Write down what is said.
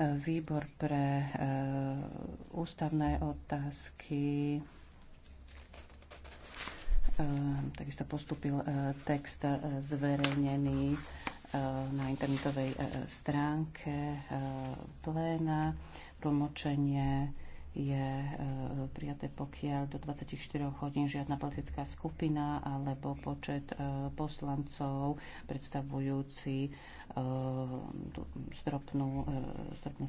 Výbor pre eh, ústavné otázky eh, takisto postupil eh, text zverejnený na internetovej stránke pléna. Tlmočenie je prijaté, pokiaľ do 24 hodín žiadna politická skupina alebo počet poslancov predstavujúci stropnú, e, stropnú